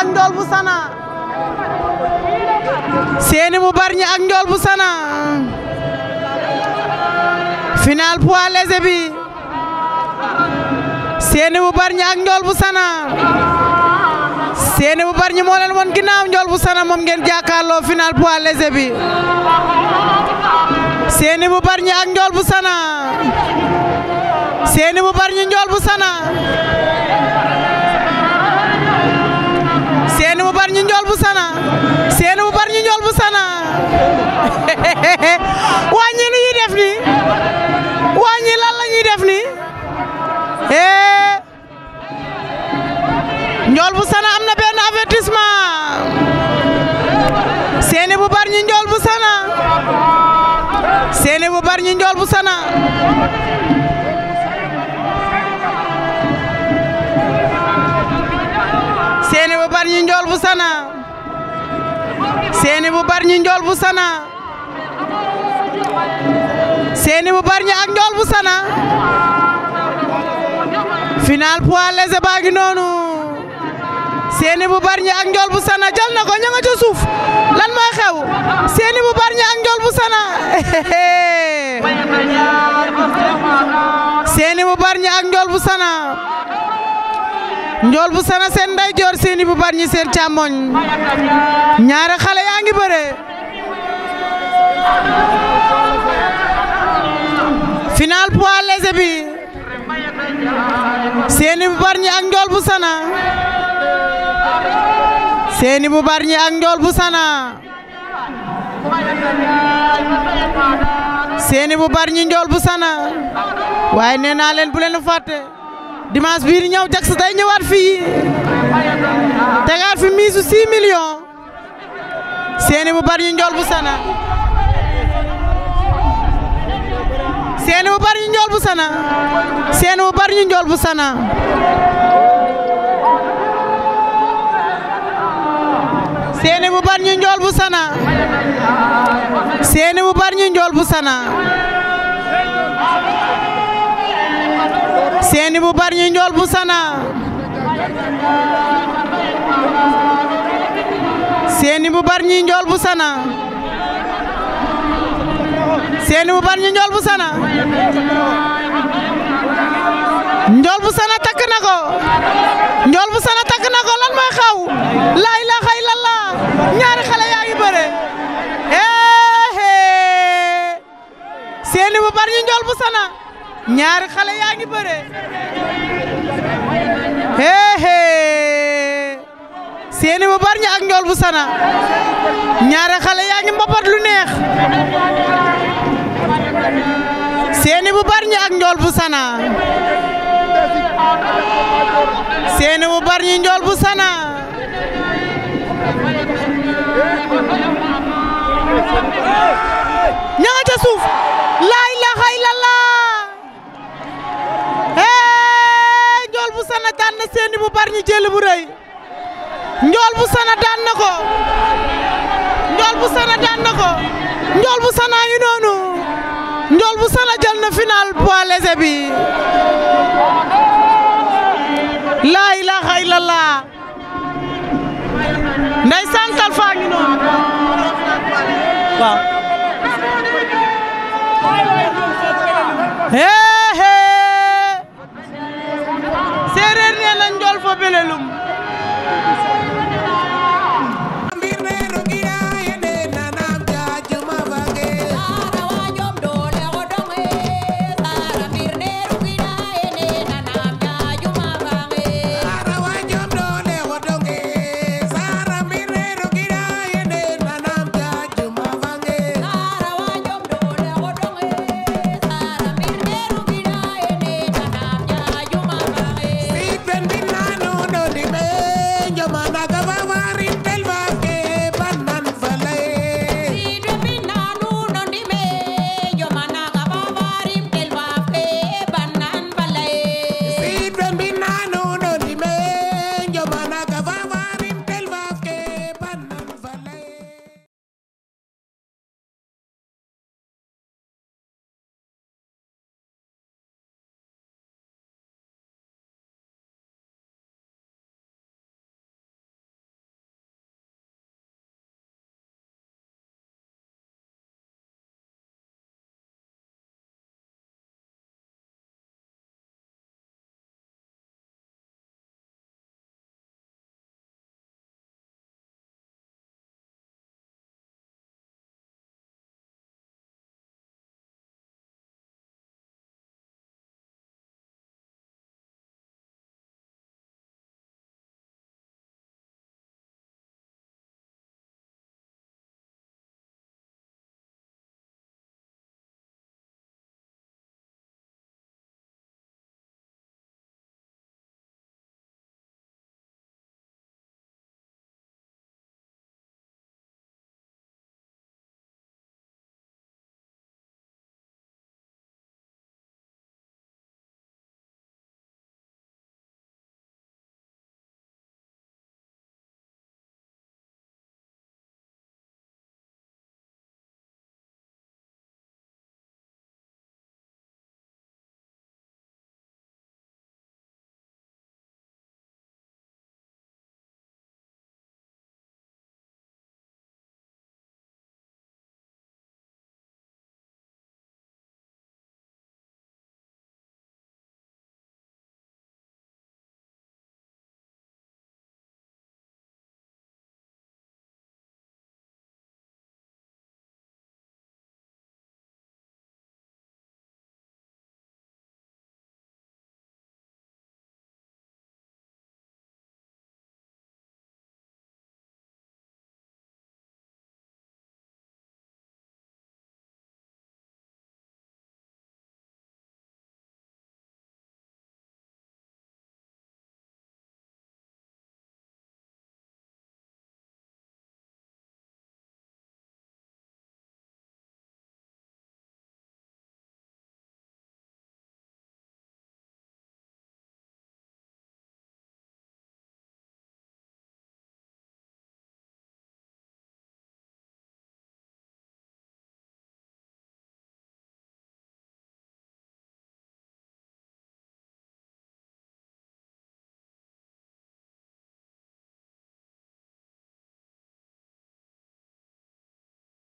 ak njool bu sana seeni mu barñi ak njool bu sana final poids léger bi seeni mu barñi ak njool bu sana seeni barñi moo leen won njool bu sana moom ngeen jàkkaarloo final poids léger bi seeni mu barñi ak njool bu sana seeni barñi njool bu sana njool bu sana seenu bu bar ñu jol bu sana waa ñi lu def ni waa ñi lan la def ni njool eh. bu sana am na benn avertissement seeni bu bar ñu njool bu sana seeni bu bar ñu njool bu sana barñi njool bu sana seeni bu barñi ak njool bu sana final poids léger baa noonu seeni bu barñi ak njool bu sana jël ko ña nga ca suuf xew seeni bu barñi ak njool bu sana njool bu sana seen nday joor seeni bu barñi seen càmmoñ ñaari xale yaa ngi bëre final poids léger bi seeni bu barñi ak njool bu sana seeni bu barñi njool bu sana seeni bu barñi njool bu sana waaye nee naa leen bu leen fàtte dimaas bii di ñëw jag si day ñëwaat fii tegaat fi miisu 6 millions seeni bu bari ñu bu sana seeni bu bari ñu njool bu sana seeni bu bari njool bu sana seeni bu bari sana seeni bu bari bu sana bu Bargny Ndiol bu Sana Séni bu bu Sana Séni bu Bargny Sana Ndiol bu Sana takk na ko bu Sana takk na ko lan mooy xaw laa ilaaha illallah ñaari xale yaa ngi bëre Séni bu Bargny Ndiol bu Sana ñaari xale yaa ngi bëre héehée seeni bu barña ak njool bu sana ñaari xale yaa ngi mbapat lu neex seeni bu barña ak njool bu sana seeni bu barñi njool bu sana na seeni bu bari ñu jël bu rëy njool bu sana daan na ko njool bu sana daan na ko njool bu sana ngi noonu bu sana jël na final poids léger bi laa ilaaha illallah nday santal faa ngi hee hee séeréer